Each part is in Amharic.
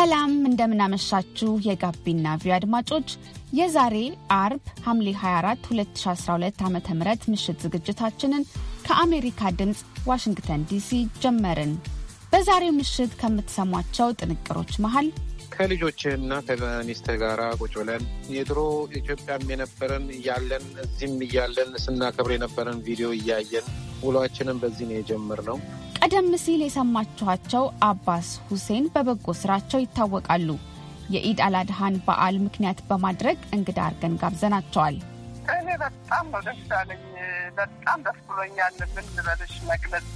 ሰላም እንደምናመሻችሁ የጋቢና ቪዮ አድማጮች የዛሬ አርብ ሐምሌ 24 2012 ዓ ም ምሽት ዝግጅታችንን ከአሜሪካ ድምፅ ዋሽንግተን ዲሲ ጀመርን። በዛሬው ምሽት ከምትሰሟቸው ጥንቅሮች መሃል ከልጆችህና ከሚስት ጋር ቁጭ ብለን የድሮ ኢትዮጵያም የነበረን እያለን እዚህም እያለን ስናከብር የነበረን ቪዲዮ እያየን ውሏችንን በዚህ ነው የጀመርነው። ቀደም ሲል የሰማችኋቸው አባስ ሁሴን በበጎ ስራቸው ይታወቃሉ። የኢድ አላድሃን በዓል ምክንያት በማድረግ እንግዳ አርገን ጋብዘናቸዋል። እኔ በጣም ነው ደስ ያለኝ፣ በጣም ደስ ብሎኛል። ምን ልበልሽ መግለጽ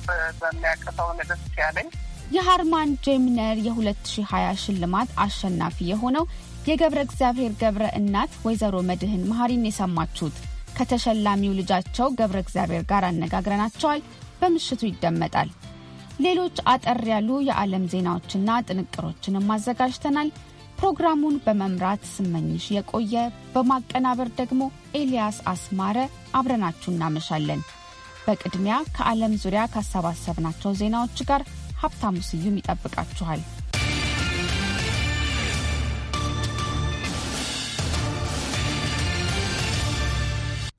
በሚያቅተው ደስ ያለኝ የሃርማን ጄምነር የ2020 ሽልማት አሸናፊ የሆነው የገብረ እግዚአብሔር ገብረ እናት ወይዘሮ መድህን መሀሪን የሰማችሁት ከተሸላሚው ልጃቸው ገብረ እግዚአብሔር ጋር አነጋግረናቸዋል። በምሽቱ ይደመጣል። ሌሎች አጠር ያሉ የዓለም ዜናዎችና ጥንቅሮችንም አዘጋጅተናል። ፕሮግራሙን በመምራት ስመኝሽ የቆየ በማቀናበር ደግሞ ኤልያስ አስማረ አብረናችሁ እናመሻለን። በቅድሚያ ከዓለም ዙሪያ ካሰባሰብናቸው ዜናዎች ጋር ሀብታሙ ስዩም ይጠብቃችኋል።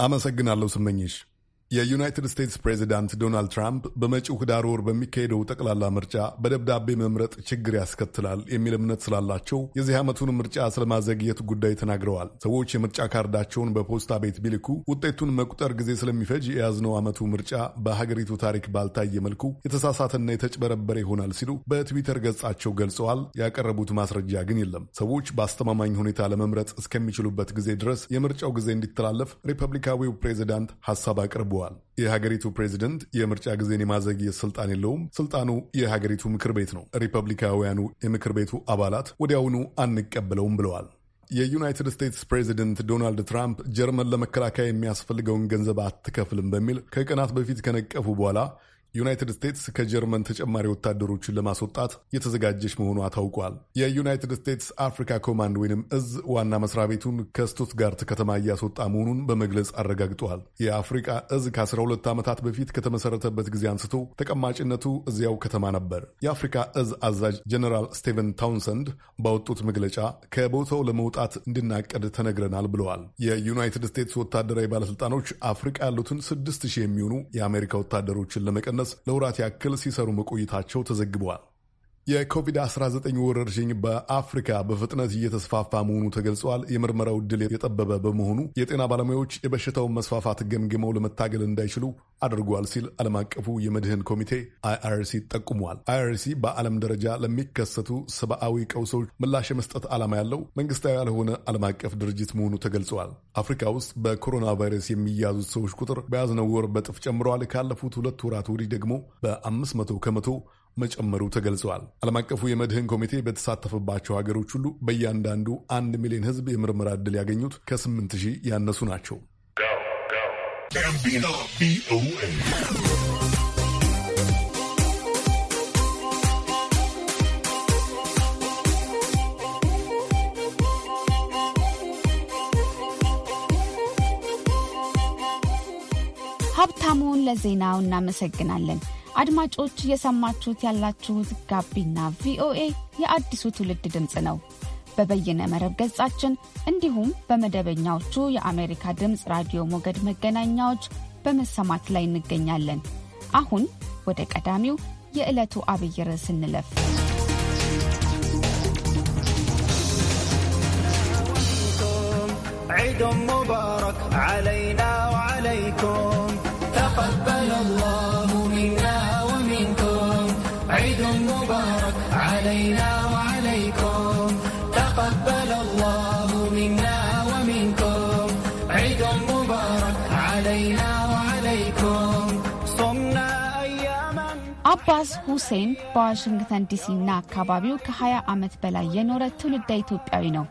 አመሰግናለሁ ስመኝሽ። የዩናይትድ ስቴትስ ፕሬዚዳንት ዶናልድ ትራምፕ በመጪው ህዳር ወር በሚካሄደው ጠቅላላ ምርጫ በደብዳቤ መምረጥ ችግር ያስከትላል የሚል እምነት ስላላቸው የዚህ ዓመቱን ምርጫ ስለማዘግየት ጉዳይ ተናግረዋል። ሰዎች የምርጫ ካርዳቸውን በፖስታ ቤት ቢልኩ ውጤቱን መቁጠር ጊዜ ስለሚፈጅ የያዝነው ዓመቱ ምርጫ በሀገሪቱ ታሪክ ባልታየ መልኩ የተሳሳተና የተጭበረበረ ይሆናል ሲሉ በትዊተር ገጻቸው ገልጸዋል። ያቀረቡት ማስረጃ ግን የለም። ሰዎች በአስተማማኝ ሁኔታ ለመምረጥ እስከሚችሉበት ጊዜ ድረስ የምርጫው ጊዜ እንዲተላለፍ ሪፐብሊካዊው ፕሬዚዳንት ሀሳብ አቅርቧል። አቅርበዋል። የሀገሪቱ ፕሬዚደንት የምርጫ ጊዜን የማዘግየት ስልጣን የለውም፣ ስልጣኑ የሀገሪቱ ምክር ቤት ነው። ሪፐብሊካውያኑ የምክር ቤቱ አባላት ወዲያውኑ አንቀበለውም ብለዋል። የዩናይትድ ስቴትስ ፕሬዚደንት ዶናልድ ትራምፕ ጀርመን ለመከላከያ የሚያስፈልገውን ገንዘብ አትከፍልም በሚል ከቀናት በፊት ከነቀፉ በኋላ ዩናይትድ ስቴትስ ከጀርመን ተጨማሪ ወታደሮችን ለማስወጣት የተዘጋጀች መሆኗ ታውቋል። የዩናይትድ ስቴትስ አፍሪካ ኮማንድ ወይም እዝ ዋና መስሪያ ቤቱን ከስቱትጋርት ከተማ እያስወጣ መሆኑን በመግለጽ አረጋግጧል። የአፍሪካ እዝ ከ12 ዓመታት በፊት ከተመሠረተበት ጊዜ አንስቶ ተቀማጭነቱ እዚያው ከተማ ነበር። የአፍሪካ እዝ አዛዥ ጀነራል ስቴቨን ታውንሰንድ ባወጡት መግለጫ ከቦታው ለመውጣት እንድናቀድ ተነግረናል ብለዋል። የዩናይትድ ስቴትስ ወታደራዊ ባለስልጣኖች አፍሪቃ ያሉትን ስድስት ሺህ የሚሆኑ የአሜሪካ ወታደሮችን ለመቀነስ ለመድረስ ለውራት ያክል ሲሰሩ መቆየታቸው ተዘግበዋል። የኮቪድ-19 ወረርሽኝ በአፍሪካ በፍጥነት እየተስፋፋ መሆኑ ተገልጿል። የምርመራው ዕድል የጠበበ በመሆኑ የጤና ባለሙያዎች የበሽታውን መስፋፋት ገምግመው ለመታገል እንዳይችሉ አድርጓል ሲል ዓለም አቀፉ የመድህን ኮሚቴ አይአርሲ ጠቁሟል። አይአርሲ በዓለም ደረጃ ለሚከሰቱ ሰብአዊ ቀውሶች ምላሽ የመስጠት ዓላማ ያለው መንግስታዊ ያልሆነ ዓለም አቀፍ ድርጅት መሆኑ ተገልጿል። አፍሪካ ውስጥ በኮሮና ቫይረስ የሚያዙት ሰዎች ቁጥር በያዝነው ወር በጥፍ ጨምረዋል። ካለፉት ሁለት ወራት ወዲህ ደግሞ በአምስት መቶ ከመቶ መጨመሩ ተገልጸዋል። ዓለም አቀፉ የመድህን ኮሚቴ በተሳተፈባቸው ሀገሮች ሁሉ በእያንዳንዱ አንድ ሚሊዮን ህዝብ የምርመራ ዕድል ያገኙት ከስምንት ሺህ ያነሱ ናቸው። ሀብታሙን ለዜናው እናመሰግናለን። አድማጮች እየሰማችሁት ያላችሁት ጋቢና ቪኦኤ የአዲሱ ትውልድ ድምፅ ነው። በበይነ መረብ ገጻችን እንዲሁም በመደበኛዎቹ የአሜሪካ ድምፅ ራዲዮ ሞገድ መገናኛዎች በመሰማት ላይ እንገኛለን። አሁን ወደ ቀዳሚው የዕለቱ አብይ ርዕስ እንለፍ። ዒድ ሙባረክ ዓለይና ወዓለይኩም الله منا ومنكم عيد مبارك علينا وعليكم تقبل الله منا ومنكم عيد مبارك علينا وعليكم صمنا أياما አባስ ሁሴን በዋሽንግተን ዲሲና አካባቢው ከ20 ዓመት በላይ የኖረ ትውልደ ኢትዮጵያዊ ነው።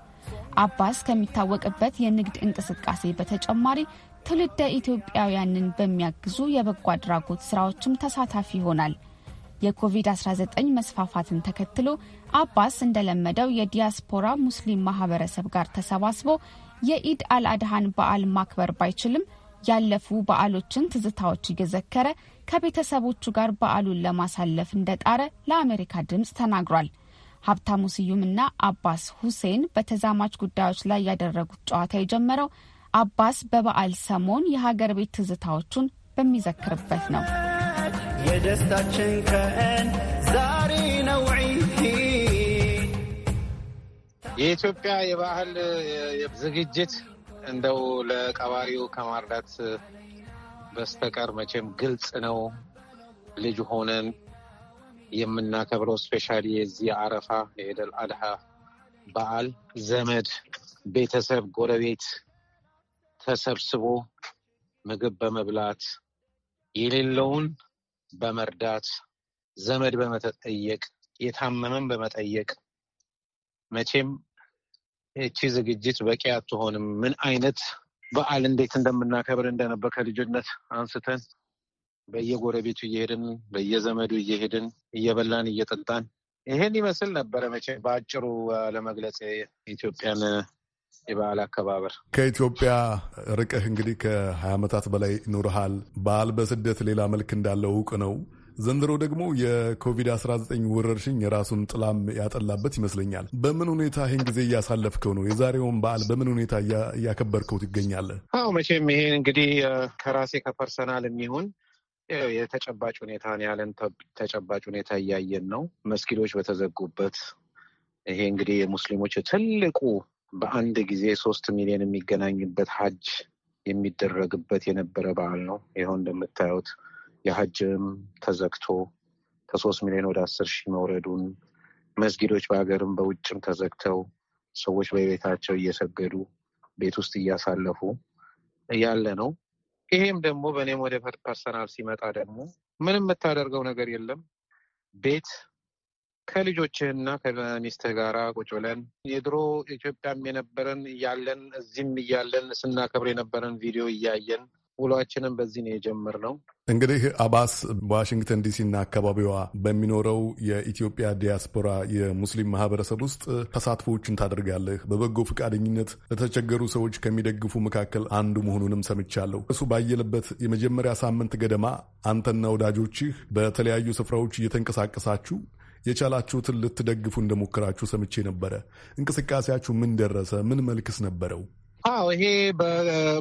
አባስ ከሚታወቅበት የንግድ እንቅስቃሴ በተጨማሪ ትውልደ ኢትዮጵያውያንን በሚያግዙ የበጎ አድራጎት ስራዎችም ተሳታፊ ይሆናል። የኮቪድ-19 መስፋፋትን ተከትሎ አባስ እንደለመደው የዲያስፖራ ሙስሊም ማህበረሰብ ጋር ተሰባስቦ የኢድ አልአድሃን በዓል ማክበር ባይችልም ያለፉ በዓሎችን ትዝታዎች እየዘከረ ከቤተሰቦቹ ጋር በዓሉን ለማሳለፍ እንደጣረ ለአሜሪካ ድምፅ ተናግሯል። ሀብታሙ ስዩምና አባስ ሁሴን በተዛማች ጉዳዮች ላይ ያደረጉት ጨዋታ የጀመረው አባስ በበዓል ሰሞን የሀገር ቤት ትዝታዎቹን በሚዘክርበት ነው። የደስታችን ከእን ዛሬ ነው የኢትዮጵያ የባህል ዝግጅት እንደው ለቀባሪው ከማርዳት በስተቀር መቼም ግልጽ ነው። ልጅ ሆነን የምናከብረው ስፔሻሊ የዚህ አረፋ የኢደል አድሃ በዓል ዘመድ፣ ቤተሰብ፣ ጎረቤት ተሰብስቦ ምግብ በመብላት የሌለውን በመርዳት ዘመድ በመጠየቅ የታመመን በመጠየቅ መቼም ይቺ ዝግጅት በቂ አትሆንም። ምን አይነት በዓል እንዴት እንደምናከብር እንደነበር ከልጅነት አንስተን በየጎረቤቱ እየሄድን በየዘመዱ እየሄድን እየበላን እየጠጣን ይሄን ይመስል ነበረ። መቼ በአጭሩ ለመግለጽ ኢትዮጵያን የበዓል አከባበር ከኢትዮጵያ ርቅህ እንግዲህ ከሀያ ዓመታት በላይ ኑርሃል። በዓል በስደት ሌላ መልክ እንዳለው እውቅ ነው። ዘንድሮ ደግሞ የኮቪድ-19 ወረርሽኝ የራሱን ጥላም ያጠላበት ይመስለኛል። በምን ሁኔታ ይህን ጊዜ እያሳለፍከው ነው? የዛሬውን በዓል በምን ሁኔታ እያከበርከው ትገኛለህ? አዎ መቼም ይሄ እንግዲህ ከራሴ ከፐርሰናል የሚሆን የተጨባጭ ሁኔታ ያለን ተጨባጭ ሁኔታ እያየን ነው። መስጊዶች በተዘጉበት ይሄ እንግዲህ የሙስሊሞች ትልቁ በአንድ ጊዜ ሶስት ሚሊዮን የሚገናኝበት ሀጅ የሚደረግበት የነበረ በዓል ነው። ይኸው እንደምታዩት የሀጅም ተዘግቶ ከሶስት ሚሊዮን ወደ አስር ሺህ መውረዱን መስጊዶች በሀገርም በውጭም ተዘግተው ሰዎች በቤታቸው እየሰገዱ ቤት ውስጥ እያሳለፉ ያለ ነው። ይሄም ደግሞ በእኔም ወደ ፐርሰናል ሲመጣ ደግሞ ምንም የምታደርገው ነገር የለም። ቤት ከልጆችህና ከሚስትህ ጋር ቁጭ ብለን የድሮ ኢትዮጵያም የነበረን እያለን እዚህም እያለን ስናከብር የነበረን ቪዲዮ እያየን ውሏችንም በዚህ ነው የጀመርነው። እንግዲህ አባስ በዋሽንግተን ዲሲና አካባቢዋ በሚኖረው የኢትዮጵያ ዲያስፖራ የሙስሊም ማህበረሰብ ውስጥ ተሳትፎዎችን ታደርጋለህ። በበጎ ፈቃደኝነት ለተቸገሩ ሰዎች ከሚደግፉ መካከል አንዱ መሆኑንም ሰምቻለሁ። እሱ ባየለበት የመጀመሪያ ሳምንት ገደማ አንተና ወዳጆችህ በተለያዩ ስፍራዎች እየተንቀሳቀሳችሁ የቻላችሁትን ልትደግፉ እንደሞከራችሁ ሰምቼ ነበረ። እንቅስቃሴያችሁ ምን ደረሰ? ምን መልክስ ነበረው? አዎ ይሄ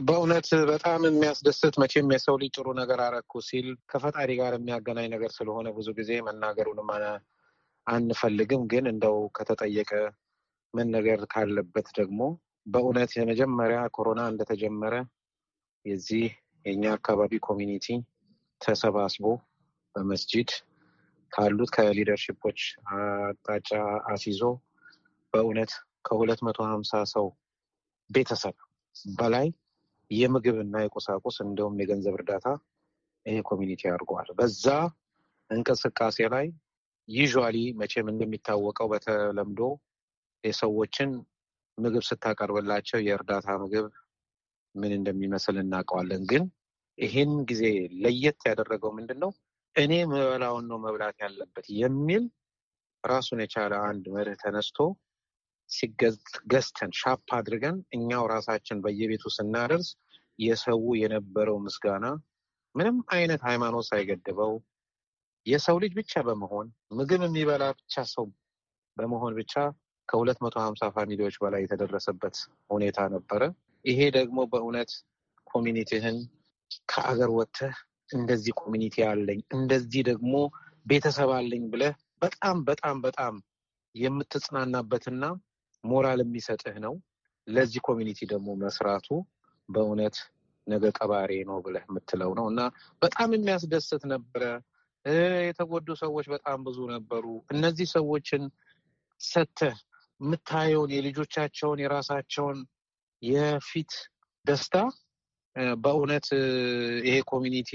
በእውነት በጣም የሚያስደስት መቼም የሰው ልጅ ጥሩ ነገር አረኩ ሲል ከፈጣሪ ጋር የሚያገናኝ ነገር ስለሆነ ብዙ ጊዜ መናገሩንም አንፈልግም። ግን እንደው ከተጠየቀ ነገር ካለበት ደግሞ በእውነት የመጀመሪያ ኮሮና እንደተጀመረ የዚህ የእኛ አካባቢ ኮሚኒቲ ተሰባስቦ በመስጂድ ካሉት ከሊደርሽፖች አቅጣጫ አስይዞ በእውነት ከሁለት መቶ ሀምሳ ሰው ቤተሰብ በላይ የምግብና የቁሳቁስ እንደውም የገንዘብ እርዳታ ይሄ ኮሚኒቲ አድርገዋል። በዛ እንቅስቃሴ ላይ ዩዥዋሊ መቼም እንደሚታወቀው በተለምዶ የሰዎችን ምግብ ስታቀርብላቸው የእርዳታ ምግብ ምን እንደሚመስል እናውቀዋለን። ግን ይህን ጊዜ ለየት ያደረገው ምንድን ነው? እኔ ምበላውን ነው መብላት ያለበት የሚል ራሱን የቻለ አንድ መርህ ተነስቶ ገዝተን ሻፕ አድርገን እኛው ራሳችን በየቤቱ ስናደርስ የሰው የነበረው ምስጋና ምንም አይነት ሃይማኖት ሳይገድበው የሰው ልጅ ብቻ በመሆን ምግብ የሚበላ ብቻ ሰው በመሆን ብቻ ከሁለት መቶ ሀምሳ ፋሚሊዎች በላይ የተደረሰበት ሁኔታ ነበረ። ይሄ ደግሞ በእውነት ኮሚኒቲህን ከአገር ወጥተህ እንደዚህ ኮሚኒቲ አለኝ እንደዚህ ደግሞ ቤተሰብ አለኝ ብለህ በጣም በጣም በጣም የምትጽናናበትና ሞራል የሚሰጥህ ነው። ለዚህ ኮሚኒቲ ደግሞ መስራቱ በእውነት ነገ ቀባሪ ነው ብለህ የምትለው ነው እና በጣም የሚያስደስት ነበረ። የተጎዱ ሰዎች በጣም ብዙ ነበሩ። እነዚህ ሰዎችን ሰተህ የምታየውን የልጆቻቸውን የራሳቸውን የፊት ደስታ በእውነት ይሄ ኮሚኒቲ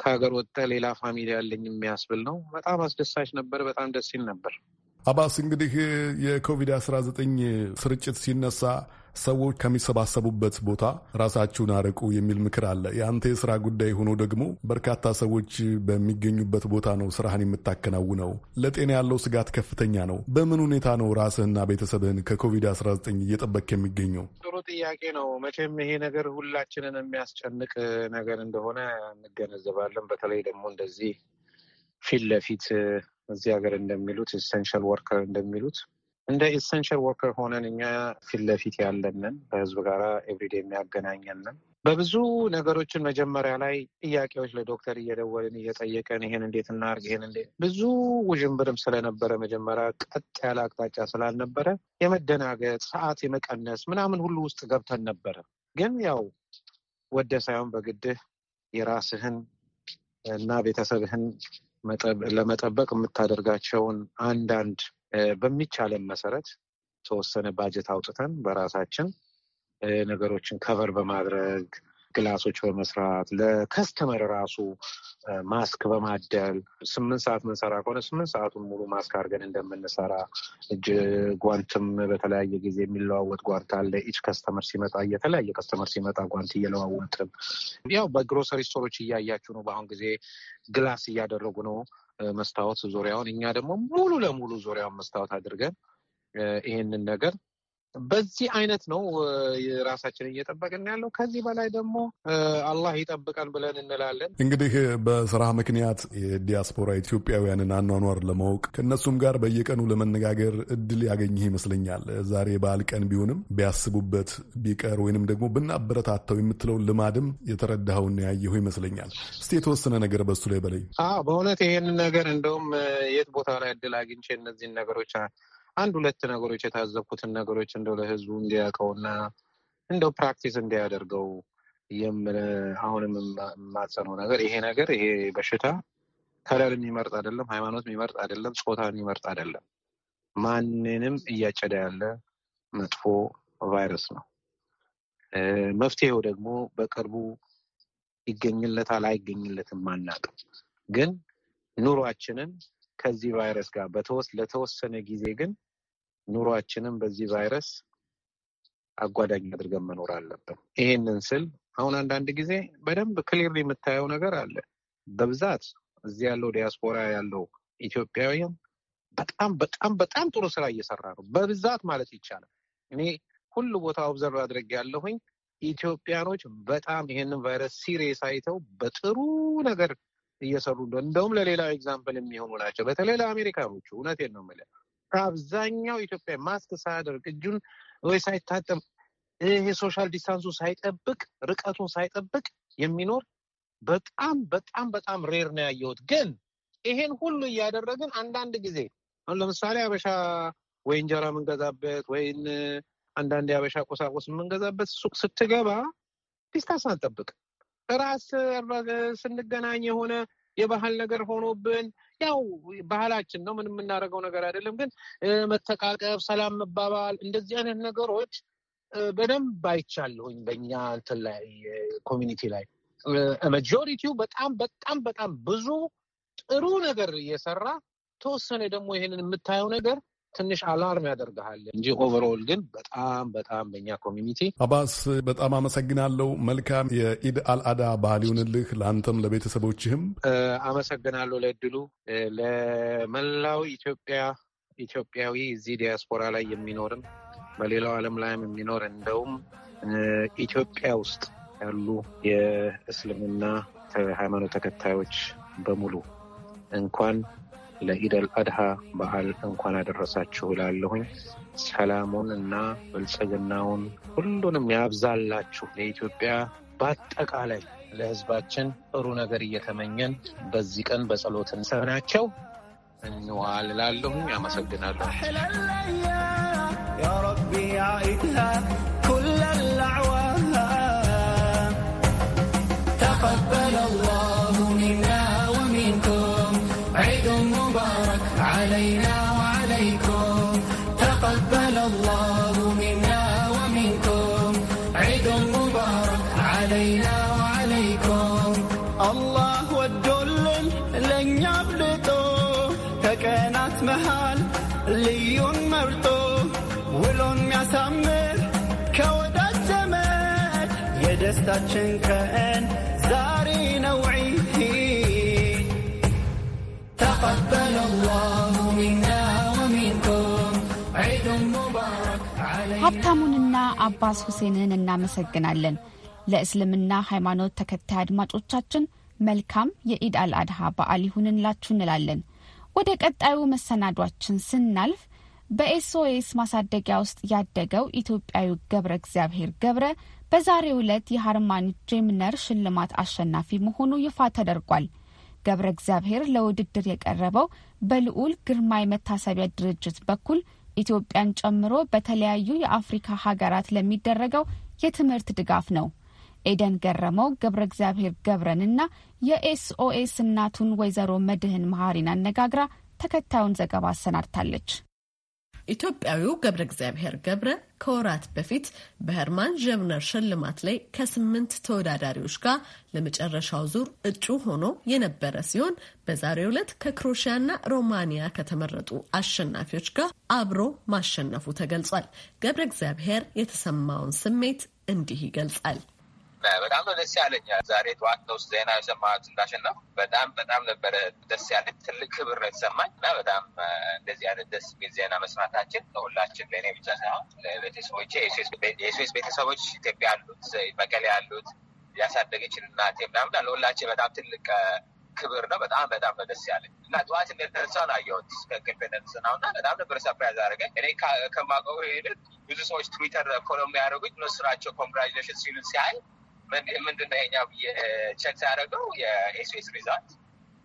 ከሀገር ወጥተ ሌላ ፋሚሊ ያለኝ የሚያስብል ነው። በጣም አስደሳች ነበር። በጣም ደስ ይል ነበር። አባስ እንግዲህ የኮቪድ-19 ስርጭት ሲነሳ ሰዎች ከሚሰባሰቡበት ቦታ ራሳችሁን አርቁ የሚል ምክር አለ። የአንተ የስራ ጉዳይ ሆኖ ደግሞ በርካታ ሰዎች በሚገኙበት ቦታ ነው ስራህን የምታከናውነው። ለጤና ያለው ስጋት ከፍተኛ ነው። በምን ሁኔታ ነው ራስህና ቤተሰብህን ከኮቪድ-19 እየጠበቅ የሚገኘው? ጥሩ ጥያቄ ነው። መቼም ይሄ ነገር ሁላችንን የሚያስጨንቅ ነገር እንደሆነ እንገነዘባለን። በተለይ ደግሞ እንደዚህ ፊት ለፊት እዚህ ሀገር እንደሚሉት ኤሴንሻል ወርከር እንደሚሉት እንደ ኤሴንሻል ወርከር ሆነን እኛ ፊት ለፊት ያለንን በህዝብ ጋር ኤቭሪዴ የሚያገናኘንን በብዙ ነገሮችን መጀመሪያ ላይ ጥያቄዎች ለዶክተር እየደወልን እየጠየቀን ይሄን እንዴት እናርግ ይሄን እንዴት ብዙ ውዥንብርም ስለነበረ መጀመሪያ ቀጥ ያለ አቅጣጫ ስላልነበረ የመደናገጥ ሰዓት የመቀነስ ምናምን ሁሉ ውስጥ ገብተን ነበረ። ግን ያው ወደ ሳይሆን በግድህ የራስህን እና ቤተሰብህን ለመጠበቅ የምታደርጋቸውን አንዳንድ በሚቻለን መሰረት ተወሰነ ባጀት አውጥተን በራሳችን ነገሮችን ከቨር በማድረግ ግላሶች በመስራት ለከስተመር ራሱ ማስክ በማደል ስምንት ሰዓት ምንሰራ ከሆነ ስምንት ሰዓቱን ሙሉ ማስክ አድርገን እንደምንሰራ እጅ ጓንትም በተለያየ ጊዜ የሚለዋወጥ ጓንት አለ። ኢች ከስተመር ሲመጣ የተለያየ ከስተመር ሲመጣ ጓንት እየለዋወጥም ያው በግሮሰሪ ስቶሮች እያያችሁ ነው። በአሁን ጊዜ ግላስ እያደረጉ ነው መስታወት ዙሪያውን። እኛ ደግሞ ሙሉ ለሙሉ ዙሪያውን መስታወት አድርገን ይህንን ነገር በዚህ አይነት ነው ራሳችን እየጠበቅን ያለው። ከዚህ በላይ ደግሞ አላህ ይጠብቀን ብለን እንላለን። እንግዲህ በስራ ምክንያት የዲያስፖራ ኢትዮጵያውያንን አኗኗር ለማወቅ ከእነሱም ጋር በየቀኑ ለመነጋገር እድል ያገኝህ ይመስለኛል። ዛሬ በዓል ቀን ቢሆንም ቢያስቡበት ቢቀር ወይንም ደግሞ ብናበረታታው የምትለው ልማድም የተረዳኸውና ያየሁ ይመስለኛል። እስቲ የተወሰነ ነገር በሱ ላይ በለኝ። በእውነት ይሄንን ነገር እንደውም የት ቦታ ላይ እድል አግኝቼ እነዚህን ነገሮች አንድ ሁለት ነገሮች የታዘብኩትን ነገሮች እንደው ለህዝቡ እንዲያውቀውና እንደው ፕራክቲስ እንዲያደርገው የምን አሁንም የማጸነው ነገር ይሄ ነገር ይሄ በሽታ ከለር የሚመርጥ አይደለም፣ ሃይማኖት የሚመርጥ አይደለም፣ ጾታ የሚመርጥ አይደለም። ማንንም እያጨደ ያለ መጥፎ ቫይረስ ነው። መፍትሄው ደግሞ በቅርቡ ይገኝለታል አይገኝለትም አናውቅም። ግን ኑሯችንን ከዚህ ቫይረስ ጋር ለተወሰነ ጊዜ ግን ኑሯችንም በዚህ ቫይረስ አጓዳኝ አድርገን መኖር አለብን። ይሄንን ስል አሁን አንዳንድ ጊዜ በደንብ ክሊር የምታየው ነገር አለ። በብዛት እዚህ ያለው ዲያስፖራ ያለው ኢትዮጵያውያን በጣም በጣም በጣም ጥሩ ስራ እየሰራ ነው። በብዛት ማለት ይቻላል። እኔ ሁሉ ቦታ ኦብዘርቭ አድርግ ያለሁኝ ኢትዮጵያኖች በጣም ይሄንን ቫይረስ ሲሪየስ አይተው በጥሩ ነገር እየሰሩ እንደሆነ እንደውም ለሌላው ኤግዛምፕል የሚሆኑ ናቸው። በተለይ ለአሜሪካኖቹ እውነት ነው ምለ አብዛኛው ኢትዮጵያ ማስክ ሳያደርግ እጁን ወይ ሳይታጠብ ይሄ ሶሻል ዲስታንሱ ሳይጠብቅ ርቀቱን ሳይጠብቅ የሚኖር በጣም በጣም በጣም ሬር ነው ያየሁት። ግን ይሄን ሁሉ እያደረግን አንዳንድ ጊዜ አሁን ለምሳሌ አበሻ ወይ እንጀራ የምንገዛበት ወይን አንዳንድ የአበሻ ቁሳቁስ የምንገዛበት ሱቅ ስትገባ ዲስታንስ አንጠብቅ ራስ ስንገናኝ የሆነ የባህል ነገር ሆኖብን ያው ባህላችን ነው። ምን የምናደርገው ነገር አይደለም። ግን መተቃቀብ፣ ሰላም መባባል እንደዚህ አይነት ነገሮች በደንብ አይቻለሁኝ በእኛ እንትን ላይ ኮሚኒቲ ላይ መጆሪቲው በጣም በጣም በጣም ብዙ ጥሩ ነገር እየሰራ ተወሰነ ደግሞ ይሄንን የምታየው ነገር ትንሽ አላርም ያደርግሃል እንጂ ኦቨርኦል ግን በጣም በጣም በእኛ ኮሚኒቲ። አባስ በጣም አመሰግናለሁ። መልካም የኢድ አልአዳ ባህል ይሁንልህ ለአንተም ለቤተሰቦችህም። አመሰግናለሁ ለእድሉ ለመላው ኢትዮጵያ ኢትዮጵያዊ እዚህ ዲያስፖራ ላይ የሚኖርም በሌላው ዓለም ላይም የሚኖር እንደውም ኢትዮጵያ ውስጥ ያሉ የእስልምና ሃይማኖት ተከታዮች በሙሉ እንኳን ለኢደል አድሃ በዓል እንኳን አደረሳችሁ እላለሁኝ። ሰላሙን እና ብልጽግናውን ሁሉንም ያብዛላችሁ ለኢትዮጵያ በአጠቃላይ ለህዝባችን ጥሩ ነገር እየተመኘን በዚህ ቀን በጸሎት ሰናቸው እንዋል እላለሁኝ። አመሰግናለሁ። መርጦ ውሎን የሚያሳምር ከወዳጅ ዘመድ የደስታችን ቀን ዛሬ ነው ዒድ ተቀበለ ላሁ ሚና ወሚንኩም ዒድ ሙባረክ ሀብታሙንና አባስ ሁሴንን እናመሰግናለን። ለእስልምና ሃይማኖት ተከታይ አድማጮቻችን መልካም የኢድ አልአድሃ በዓል ይሁንላችሁ እንላለን። ወደ ቀጣዩ መሰናዷችን ስናልፍ በኤስኦኤስ ማሳደጊያ ውስጥ ያደገው ኢትዮጵያዊ ገብረ እግዚአብሔር ገብረ በዛሬው ዕለት የሃርማን ጄምነር ሽልማት አሸናፊ መሆኑ ይፋ ተደርጓል። ገብረ እግዚአብሔር ለውድድር የቀረበው በልዑል ግርማ መታሰቢያ ድርጅት በኩል ኢትዮጵያን ጨምሮ በተለያዩ የአፍሪካ ሀገራት ለሚደረገው የትምህርት ድጋፍ ነው። ኤደን ገረመው ገብረ እግዚአብሔር ገብረንና የኤስኦኤስ እናቱን ወይዘሮ መድህን መሀሪን አነጋግራ ተከታዩን ዘገባ አሰናድታለች። ኢትዮጵያዊው ገብረ እግዚአብሔር ገብረ ከወራት በፊት በሄርማን ዠብነር ሽልማት ላይ ከስምንት ተወዳዳሪዎች ጋር ለመጨረሻው ዙር እጩ ሆኖ የነበረ ሲሆን በዛሬው ዕለት ና ሮማኒያ ከተመረጡ አሸናፊዎች ጋር አብሮ ማሸነፉ ተገልጿል። ገብረ እግዚአብሔር የተሰማውን ስሜት እንዲህ ይገልጻል። በጣም ነው ደስ ያለኝ። ዛሬ ጠዋት ነው ዜና የሰማሁት እንዳሸነፍ በጣም በጣም ነበረ ደስ ያለኝ። ትልቅ ክብር ነው የተሰማኝ እና በጣም እንደዚህ አይነት ደስ የሚል ዜና መስማታችን ለሁላችን ለእኔ ብቻ ሳይሆን ለቤተሰቦቼ የስዊስ ቤተሰቦች ኢትዮጵያ ያሉት መቀሌ ያሉት ያሳደገችን እናቴ ምናምን ለሁላችን በጣም ትልቅ ክብር ነው። በጣም በጣም በደስ ያለኝ እና ጠዋት እንደተነሳሁ ነው አየሁት ትክክል እንደተነሳ እና በጣም ነበር ሰፕራይዝ አደረገኝ። እኔ ከማውቀው ሄደት ብዙ ሰዎች ትዊተር ፎሎ የሚያደርጉኝ እነሱ ናቸው ኮንግራጁሌሽን ሲሉ ሲያይ ምንድነው ይሄኛው ቸክ ሲያደርገው የኤስቢኤስ ሪዛልት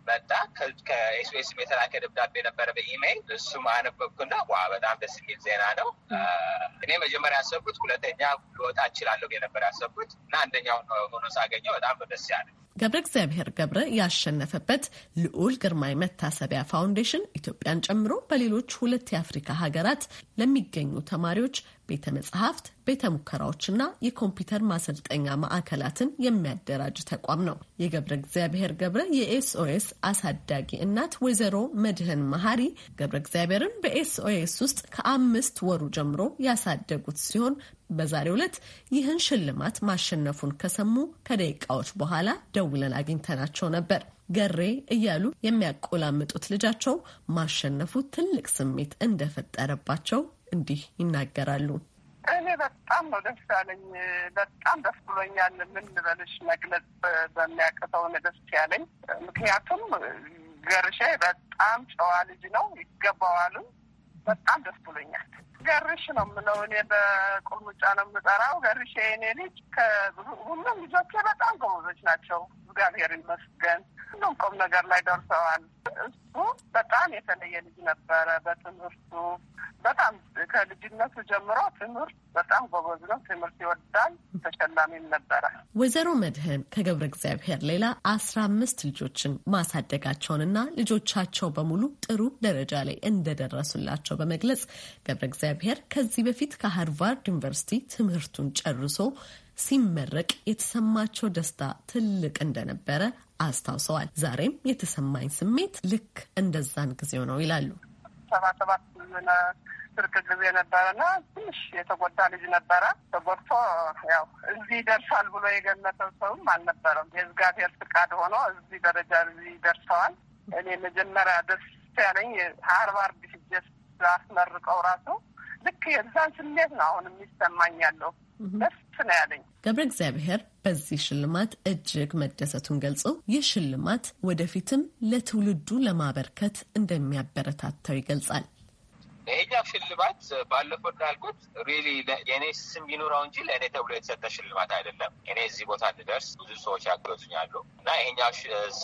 መጣ። ከኤስቢኤስ የተላከ ደብዳቤ ነበረ በኢሜይል እሱም አነበብኩና ዋ በጣም ደስ የሚል ዜና ነው። እኔ መጀመሪያ ያሰብኩት ሁለተኛ ልወጣ እችላለሁ የነበረ ያሰብኩት እና አንደኛው ሆኖ ሳገኘው በጣም ደስ ያለ ገብረ እግዚአብሔር ገብረ ያሸነፈበት ልዑል ግርማይ መታሰቢያ ፋውንዴሽን ኢትዮጵያን ጨምሮ በሌሎች ሁለት የአፍሪካ ሀገራት ለሚገኙ ተማሪዎች ቤተ መጽሐፍት፣ ቤተ ሙከራዎችና የኮምፒውተር ማሰልጠኛ ማዕከላትን የሚያደራጅ ተቋም ነው። የገብረ እግዚአብሔር ገብረ የኤስኦኤስ አሳዳጊ እናት ወይዘሮ መድህን መሀሪ ገብረ እግዚአብሔርን በኤስኦኤስ ውስጥ ከአምስት ወሩ ጀምሮ ያሳደጉት ሲሆን በዛሬው ዕለት ይህን ሽልማት ማሸነፉን ከሰሙ ከደቂቃዎች በኋላ ደውለን አግኝተናቸው ነበር። ገሬ እያሉ የሚያቆላምጡት ልጃቸው ማሸነፉ ትልቅ ስሜት እንደፈጠረባቸው እንዲህ ይናገራሉ። እኔ በጣም ነው ደስ ያለኝ። በጣም ደስ ብሎኛል። ምን ልበልሽ፣ መግለጽ በሚያቅተው ነው ደስ ያለኝ። ምክንያቱም ገርሼ በጣም ጨዋ ልጅ ነው፣ ይገባዋሉ። በጣም ደስ ብሎኛል። ገርሽ ነው የምለው እኔ በቁልምጫ ነው የምጠራው። ገርሽ የኔ ልጅ ከሁሉም ልጆቼ በጣም ጎበዞች ናቸው። እግዚአብሔር ይመስገን ሁሉም ቁም ነገር ላይ ደርሰዋል። እሱ በጣም የተለየ ልጅ ነበረ። በትምህርቱ በጣም ከልጅነቱ ጀምሮ ትምህርት በጣም ጎበዝ ነው። ትምህርት ይወዳል። ተሸላሚም ነበረ። ወይዘሮ መድህን ከገብረ እግዚአብሔር ሌላ አስራ አምስት ልጆችን ማሳደጋቸውንና ልጆቻቸው በሙሉ ጥሩ ደረጃ ላይ እንደደረሱላቸው በመግለጽ ገብረ እግዚአብሔር ከዚህ በፊት ከሃርቫርድ ዩኒቨርሲቲ ትምህርቱን ጨርሶ ሲመረቅ የተሰማቸው ደስታ ትልቅ እንደነበረ አስታውሰዋል። ዛሬም የተሰማኝ ስሜት ልክ እንደዛን ጊዜው ነው ይላሉ። ሰባ ሰባት ጊዜ ነበረና ትንሽ የተጎዳ ልጅ ነበረ። ተጎድቶ ያው እዚህ ይደርሳል ብሎ የገመተው ሰውም አልነበረም። የእግዚአብሔር ፍቃድ ሆኖ እዚህ ደረጃ እዚህ ደርሰዋል። እኔ መጀመሪያ ደስ ያለኝ ሃርቫርድ ሂጄ ስላስመርቀው ራሱ ልክ የዛን ስሜት ነው አሁን የሚሰማኝ ያለው ደስ ነው ያለኝ። ገብረ እግዚአብሔር በዚህ ሽልማት እጅግ መደሰቱን ገልጾ ይህ ሽልማት ወደፊትም ለትውልዱ ለማበርከት እንደሚያበረታታው ይገልጻል። ይሄኛ ሽልማት ባለፈው እንዳልኩት ሪሊ የእኔ ስም ቢኖረው እንጂ ለእኔ ተብሎ የተሰጠ ሽልማት አይደለም። እኔ እዚህ ቦታ እንድደርስ ብዙ ሰዎች ያገዙኛሉ እና ይሄኛው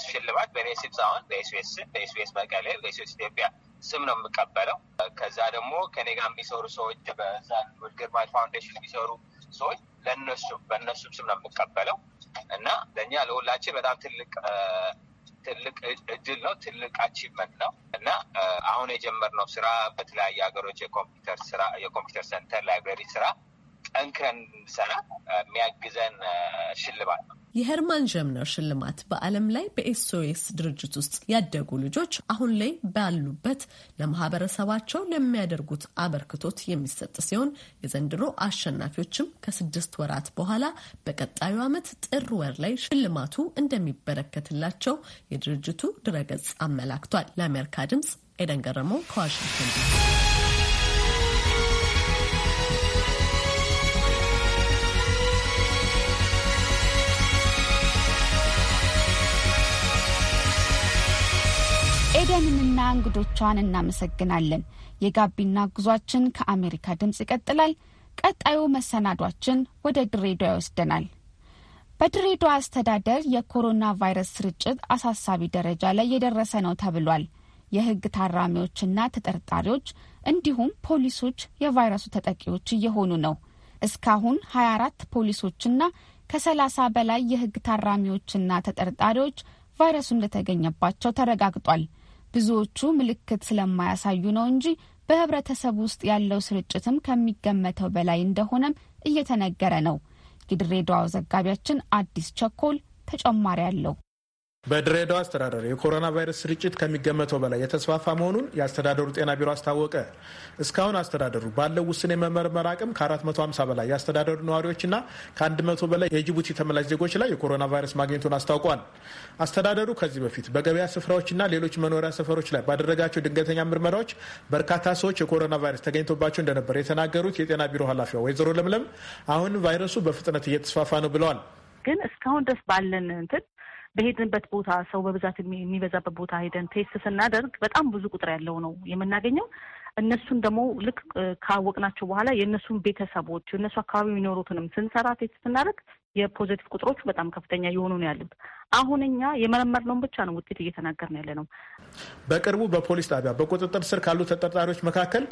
ሽልማት በእኔ ስም ሳይሆን በኤስቤስ ስም፣ በኤስቤስ መቀሌ፣ በኤስቤስ ኢትዮጵያ ስም ነው የምቀበለው። ከዛ ደግሞ ከኔ ጋር የሚሰሩ ሰዎች በዛ ግርማ ፋውንዴሽን የሚሰሩ ሰዎች ለነሱ በእነሱም ስም ነው የምቀበለው እና ለእኛ ለሁላችን በጣም ትልቅ ትልቅ እድል ነው። ትልቅ አቺቭመንት ነው እና አሁን የጀመርነው ስራ በተለያዩ ሀገሮች የኮምፒውተር ስራ የኮምፒውተር ሰንተር ላይብረሪ ስራ ጠንክረን እንድንሰራ የሚያግዘን ሽልማት ነው። የሄርማን ጀምነር ሽልማት በዓለም ላይ በኤስኦኤስ ድርጅት ውስጥ ያደጉ ልጆች አሁን ላይ ባሉበት ለማህበረሰባቸው ለሚያደርጉት አበርክቶት የሚሰጥ ሲሆን የዘንድሮ አሸናፊዎችም ከስድስት ወራት በኋላ በቀጣዩ ዓመት ጥር ወር ላይ ሽልማቱ እንደሚበረከትላቸው የድርጅቱ ድረገጽ አመላክቷል። ለአሜሪካ ድምጽ ኤደን ገረመው ከዋሽንግተን ዲሲ ኤደንንና እንግዶቿን እናመሰግናለን። የጋቢና ጉዟችን ከአሜሪካ ድምፅ ይቀጥላል። ቀጣዩ መሰናዷችን ወደ ድሬዳዋ ይወስደናል። በድሬዳዋ አስተዳደር የኮሮና ቫይረስ ስርጭት አሳሳቢ ደረጃ ላይ የደረሰ ነው ተብሏል። የህግ ታራሚዎችና ተጠርጣሪዎች እንዲሁም ፖሊሶች የቫይረሱ ተጠቂዎች እየሆኑ ነው። እስካሁን 24 ፖሊሶችና ከ30 በላይ የህግ ታራሚዎችና ተጠርጣሪዎች ቫይረሱ እንደተገኘባቸው ተረጋግጧል። ብዙዎቹ ምልክት ስለማያሳዩ ነው እንጂ በህብረተሰብ ውስጥ ያለው ስርጭትም ከሚገመተው በላይ እንደሆነም እየተነገረ ነው። የድሬዳዋ ዘጋቢያችን አዲስ ቸኮል ተጨማሪ አለው። በድሬዳዋ አስተዳደር የኮሮና ቫይረስ ስርጭት ከሚገመተው በላይ የተስፋፋ መሆኑን የአስተዳደሩ ጤና ቢሮ አስታወቀ። እስካሁን አስተዳደሩ ባለው ውስን የመመርመር አቅም ከ450 በላይ የአስተዳደሩ ነዋሪዎችና ከ100 በላይ የጅቡቲ ተመላሽ ዜጎች ላይ የኮሮና ቫይረስ ማግኘቱን አስታውቋል። አስተዳደሩ ከዚህ በፊት በገበያ ስፍራዎችና ሌሎች መኖሪያ ሰፈሮች ላይ ባደረጋቸው ድንገተኛ ምርመራዎች በርካታ ሰዎች የኮሮና ቫይረስ ተገኝቶባቸው እንደነበር የተናገሩት የጤና ቢሮ ኃላፊዋ ወይዘሮ ለምለም አሁን ቫይረሱ በፍጥነት እየተስፋፋ ነው ብለዋል። ግን እስካሁን ደስ ባለን እንትን በሄድንበት ቦታ ሰው በብዛት የሚበዛበት ቦታ ሄደን ቴስት ስናደርግ በጣም ብዙ ቁጥር ያለው ነው የምናገኘው። እነሱን ደግሞ ልክ ካወቅናቸው በኋላ የእነሱን ቤተሰቦች የእነሱ አካባቢ የሚኖሩትንም ስንሰራ ቴስት ስናደርግ የፖዘቲቭ ቁጥሮቹ በጣም ከፍተኛ የሆኑ ነው ያሉት። አሁን እኛ የመረመርነውን ብቻ ነው ውጤት ነው ያለ ነው። በቅርቡ በፖሊስ ጣቢያ በቁጥጥር ስር ካሉ ተጠርጣሪዎች መካከል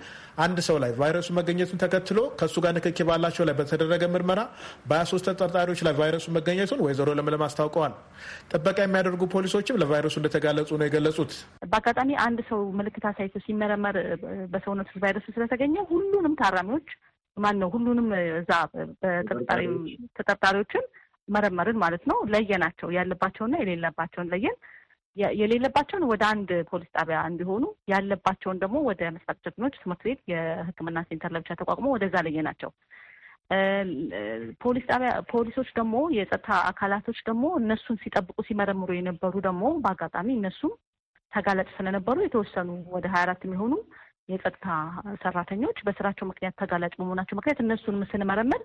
አንድ ሰው ላይ ቫይረሱ መገኘቱን ተከትሎ ከእሱ ጋር ንክኪ ባላቸው ላይ በተደረገ ምርመራ በሀያ ሶስት ተጠርጣሪዎች ላይ ቫይረሱ መገኘቱን ወይዘሮ ለምለም አስታውቀዋል። ጥበቃ የሚያደርጉ ፖሊሶችም ለቫይረሱ እንደተጋለጹ ነው የገለጹት። በአጋጣሚ አንድ ሰው ምልክት አሳይቶ ሲመረመር በሰውነቱ ቫይረሱ ስለተገኘ ሁሉንም ታራሚዎች ማን ነው ሁሉንም እዛ ተጠርጣሪዎችን መረመርን ማለት ነው። ለየናቸው ያለባቸውና የሌለባቸውን ለየን። የሌለባቸውን ወደ አንድ ፖሊስ ጣቢያ እንዲሆኑ ያለባቸውን ደግሞ ወደ መስራቅ ጀግኖች ትምህርት ቤት የሕክምና ሴንተር ለብቻ ተቋቁሞ ወደዛ ለየናቸው። ፖሊስ ጣቢያ ፖሊሶች ደግሞ የጸጥታ አካላቶች ደግሞ እነሱን ሲጠብቁ ሲመረምሩ የነበሩ ደግሞ በአጋጣሚ እነሱም ተጋላጭ ስለነበሩ የተወሰኑ ወደ ሀያ አራት የሚሆኑ የጸጥታ ሰራተኞች በስራቸው ምክንያት ተጋላጭ በመሆናቸው ምክንያት እነሱንም ስንመረምር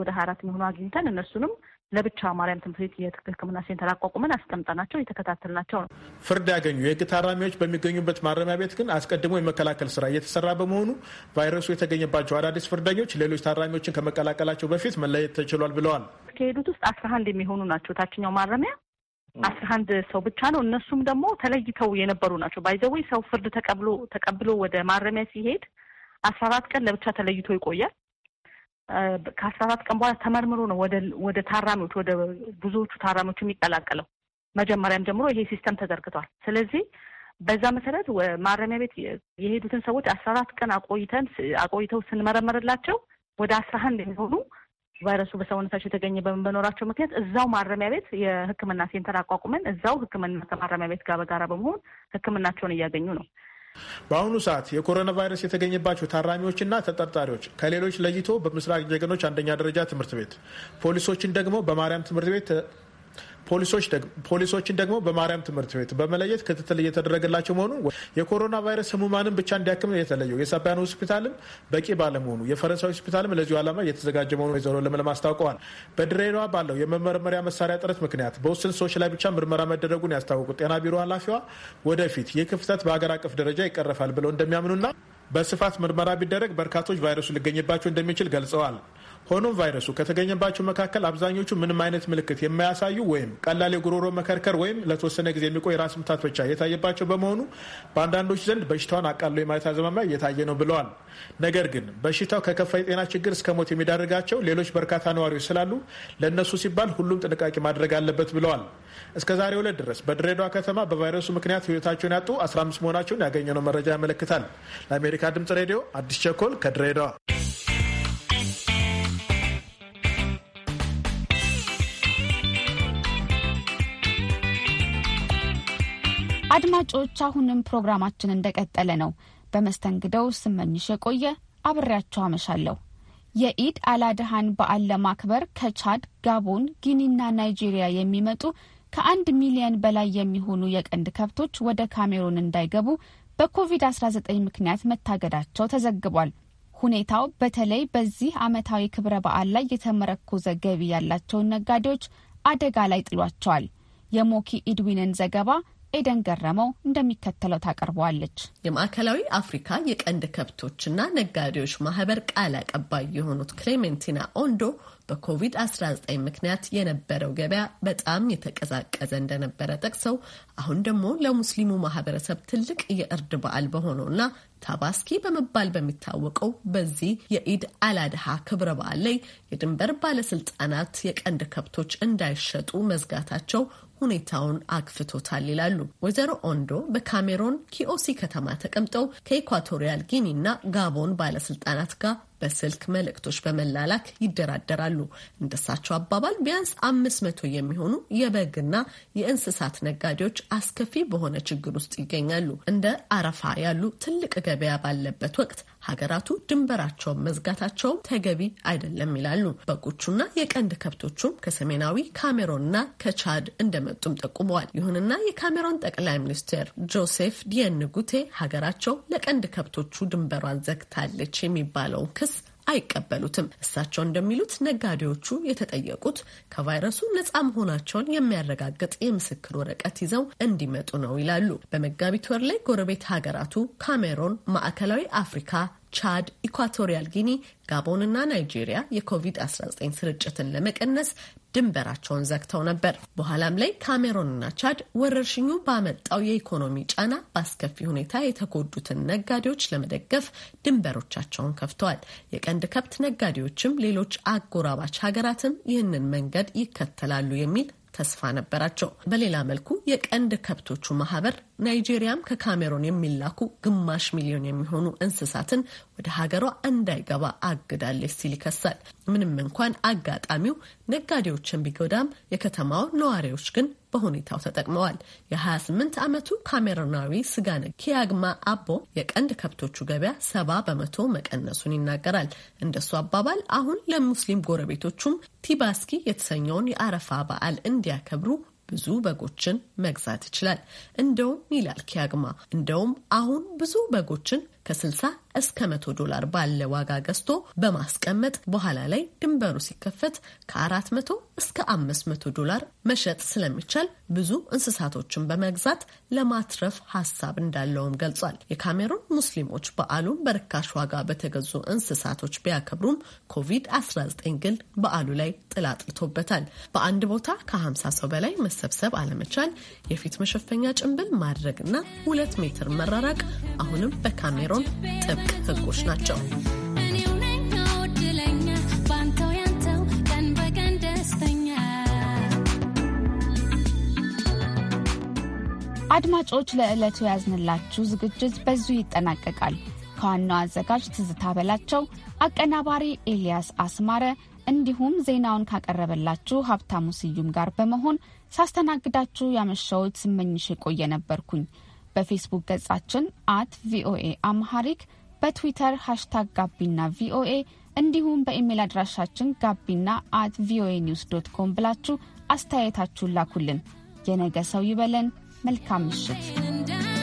ወደ ሀያ አራት የሚሆኑ አግኝተን እነሱንም ለብቻ ማርያም ትምህርት ቤት የሕክምና ሴንተር አቋቁመን አስቀምጠናቸው የተከታተልናቸው ነው። ፍርድ ያገኙ የሕግ ታራሚዎች በሚገኙበት ማረሚያ ቤት ግን አስቀድሞ የመከላከል ስራ እየተሰራ በመሆኑ ቫይረሱ የተገኘባቸው አዳዲስ ፍርደኞች ሌሎች ታራሚዎችን ከመቀላቀላቸው በፊት መለየት ተችሏል ብለዋል። ከሄዱት ውስጥ አስራ አንድ የሚሆኑ ናቸው ታችኛው ማረሚያ አስራ አንድ ሰው ብቻ ነው። እነሱም ደግሞ ተለይተው የነበሩ ናቸው። ባይዘወይ ሰው ፍርድ ተቀብሎ ተቀብሎ ወደ ማረሚያ ሲሄድ አስራ አራት ቀን ለብቻ ተለይቶ ይቆያል። ከአስራ አራት ቀን በኋላ ተመርምሮ ነው ወደ ታራሚዎች ወደ ብዙዎቹ ታራሚዎች የሚቀላቀለው። መጀመሪያም ጀምሮ ይሄ ሲስተም ተዘርግቷል። ስለዚህ በዛ መሰረት ማረሚያ ቤት የሄዱትን ሰዎች አስራ አራት ቀን አቆይተን አቆይተው ስንመረመርላቸው ወደ አስራ አንድ የሚሆኑ ቫይረሱ በሰውነታቸው የተገኘ በመኖራቸው ምክንያት እዛው ማረሚያ ቤት የሕክምና ሴንተር አቋቁመን እዛው ሕክምና ከማረሚያ ቤት ጋር በጋራ በመሆን ሕክምናቸውን እያገኙ ነው። በአሁኑ ሰዓት የኮሮና ቫይረስ የተገኘባቸው ታራሚዎችና ተጠርጣሪዎች ከሌሎች ለይቶ በምስራቅ ጀገኖች አንደኛ ደረጃ ትምህርት ቤት ፖሊሶችን ደግሞ በማርያም ትምህርት ቤት ፖሊሶችን ደግሞ በማርያም ትምህርት ቤት በመለየት ክትትል እየተደረገላቸው መሆኑን የኮሮና ቫይረስ ህሙማንን ብቻ እንዲያክም የተለየው የሳቢያን ሆስፒታልም በቂ ባለመሆኑ የፈረንሳይ ሆስፒታልም ለዚሁ ዓላማ እየተዘጋጀ መሆኑ ወይዘሮ ለምለም አስታውቀዋል። በድሬዳዋ ባለው የመመርመሪያ መሳሪያ ጥረት ምክንያት በውስን ሰዎች ላይ ብቻ ምርመራ መደረጉን ያስታወቁት ጤና ቢሮ ኃላፊዋ ወደፊት ይህ ክፍተት በሀገር አቀፍ ደረጃ ይቀረፋል ብለው እንደሚያምኑና በስፋት ምርመራ ቢደረግ በርካቶች ቫይረሱ ሊገኝባቸው እንደሚችል ገልጸዋል። ሆኖም ቫይረሱ ከተገኘባቸው መካከል አብዛኞቹ ምንም አይነት ምልክት የማያሳዩ ወይም ቀላል የጉሮሮ መከርከር ወይም ለተወሰነ ጊዜ የሚቆይ ራስ ምታት ብቻ የታየባቸው በመሆኑ በአንዳንዶች ዘንድ በሽታውን አቃሎ የማየት አዝማሚያ እየታየ ነው ብለዋል። ነገር ግን በሽታው ከከፋ የጤና ችግር እስከ ሞት የሚዳርጋቸው ሌሎች በርካታ ነዋሪዎች ስላሉ ለእነሱ ሲባል ሁሉም ጥንቃቄ ማድረግ አለበት ብለዋል። እስከ ዛሬ ዕለት ድረስ በድሬዳዋ ከተማ በቫይረሱ ምክንያት ህይወታቸውን ያጡ 15 መሆናቸውን ያገኘነው መረጃ ያመለክታል። ለአሜሪካ ድምጽ ሬዲዮ አዲስ ቸኮል ከድሬዳዋ አድማጮች፣ አሁንም ፕሮግራማችን እንደቀጠለ ነው። በመስተንግደው ስመኝሽ የቆየ አብሬያቸው አመሻለሁ። የኢድ አላድሃን በዓል ለማክበር ከቻድ፣ ጋቦን፣ ጊኒና ናይጄሪያ የሚመጡ ከአንድ ሚሊየን በላይ የሚሆኑ የቀንድ ከብቶች ወደ ካሜሩን እንዳይገቡ በኮቪድ-19 ምክንያት መታገዳቸው ተዘግቧል። ሁኔታው በተለይ በዚህ ዓመታዊ ክብረ በዓል ላይ የተመረኮዘ ገቢ ያላቸውን ነጋዴዎች አደጋ ላይ ጥሏቸዋል። የሞኪ ኢድዊንን ዘገባ ኤደን ገረመው እንደሚከተለው ታቀርበዋለች። የማዕከላዊ አፍሪካ የቀንድ ከብቶችና ነጋዴዎች ማህበር ቃል አቀባይ የሆኑት ክሌሜንቲና ኦንዶ በኮቪድ-19 ምክንያት የነበረው ገበያ በጣም የተቀዛቀዘ እንደነበረ ጠቅሰው አሁን ደግሞ ለሙስሊሙ ማህበረሰብ ትልቅ የእርድ በዓል በሆነውና ታባስኪ በመባል በሚታወቀው በዚህ የኢድ አላድሃ ክብረ በዓል ላይ የድንበር ባለስልጣናት የቀንድ ከብቶች እንዳይሸጡ መዝጋታቸው ሁኔታውን አክፍቶታል ይላሉ ወይዘሮ ኦንዶ። በካሜሮን ኪኦሲ ከተማ ተቀምጠው ከኢኳቶሪያል ጊኒ እና ጋቦን ባለስልጣናት ጋር በስልክ መልእክቶች በመላላክ ይደራደራሉ። እንደሳቸው አባባል ቢያንስ አምስት መቶ የሚሆኑ የበግና የእንስሳት ነጋዴዎች አስከፊ በሆነ ችግር ውስጥ ይገኛሉ። እንደ አረፋ ያሉ ትልቅ ገበያ ባለበት ወቅት ሀገራቱ ድንበራቸውን መዝጋታቸውም ተገቢ አይደለም ይላሉ። በጎቹና የቀንድ ከብቶቹም ከሰሜናዊ ካሜሮንና ከቻድ እንደመጡም ጠቁመዋል። ይሁንና የካሜሮን ጠቅላይ ሚኒስትር ጆሴፍ ዲየንጉቴ ሀገራቸው ለቀንድ ከብቶቹ ድንበሯን ዘግታለች የሚባለውን አይቀበሉትም። እሳቸው እንደሚሉት ነጋዴዎቹ የተጠየቁት ከቫይረሱ ነጻ መሆናቸውን የሚያረጋግጥ የምስክር ወረቀት ይዘው እንዲመጡ ነው ይላሉ። በመጋቢት ወር ላይ ጎረቤት ሀገራቱ ካሜሮን፣ ማዕከላዊ አፍሪካ ቻድ፣ ኢኳቶሪያል ጊኒ፣ ጋቦንና ናይጄሪያ የኮቪድ-19 ስርጭትን ለመቀነስ ድንበራቸውን ዘግተው ነበር። በኋላም ላይ ካሜሮንና ቻድ ወረርሽኙ ባመጣው የኢኮኖሚ ጫና በአስከፊ ሁኔታ የተጎዱትን ነጋዴዎች ለመደገፍ ድንበሮቻቸውን ከፍተዋል። የቀንድ ከብት ነጋዴዎችም ሌሎች አጎራባች ሀገራትም ይህንን መንገድ ይከተላሉ የሚል ተስፋ ነበራቸው። በሌላ መልኩ የቀንድ ከብቶቹ ማህበር ናይጄሪያም ከካሜሩን የሚላኩ ግማሽ ሚሊዮን የሚሆኑ እንስሳትን ወደ ሀገሯ እንዳይገባ አግዳለች ሲል ይከሳል። ምንም እንኳን አጋጣሚው ነጋዴዎችን ቢጎዳም የከተማው ነዋሪዎች ግን በሁኔታው ተጠቅመዋል። የ28 ዓመቱ ካሜሮናዊ ስጋነ ኪያግማ አቦ የቀንድ ከብቶቹ ገበያ ሰባ በመቶ መቀነሱን ይናገራል። እንደሱ አባባል አሁን ለሙስሊም ጎረቤቶቹም ቲባስኪ የተሰኘውን የአረፋ በዓል እንዲያከብሩ ብዙ በጎችን መግዛት ይችላል። እንደውም ይላል ኪያግማ፣ እንደውም አሁን ብዙ በጎችን ከ60 እስከ መቶ ዶላር ባለ ዋጋ ገዝቶ በማስቀመጥ በኋላ ላይ ድንበሩ ሲከፈት ከአራት መቶ እስከ አምስት መቶ ዶላር መሸጥ ስለሚቻል ብዙ እንስሳቶችን በመግዛት ለማትረፍ ሀሳብ እንዳለውም ገልጿል። የካሜሩን ሙስሊሞች በዓሉን በርካሽ ዋጋ በተገዙ እንስሳቶች ቢያከብሩም ኮቪድ-19 ግን በዓሉ ላይ ጥላ በአንድ ቦታ ከ50 ሰው በላይ መሰብሰብ አለመቻል፣ የፊት መሸፈኛ ጭንብል ማድረግና ሁለት ሜትር መራራቅ አሁንም በካሜሮን ጥብ ህጎች ናቸው። አድማጮች ለዕለቱ ያዝንላችሁ ዝግጅት በዙ ይጠናቀቃል። ከዋናው አዘጋጅ ትዝታ በላቸው፣ አቀናባሪ ኤልያስ አስማረ እንዲሁም ዜናውን ካቀረበላችሁ ሀብታሙ ስዩም ጋር በመሆን ሳስተናግዳችሁ ያመሻዎት ስመኝሽ የቆየ ነበርኩኝ። በፌስቡክ ገጻችን አት ቪኦኤ አምሃሪክ በትዊተር ሃሽታግ ጋቢና ቪኦኤ እንዲሁም በኢሜይል አድራሻችን ጋቢና አት ቪኦኤ ኒውስ ዶት ኮም ብላችሁ አስተያየታችሁን ላኩልን። የነገ ሰው ይበለን። መልካም ምሽት።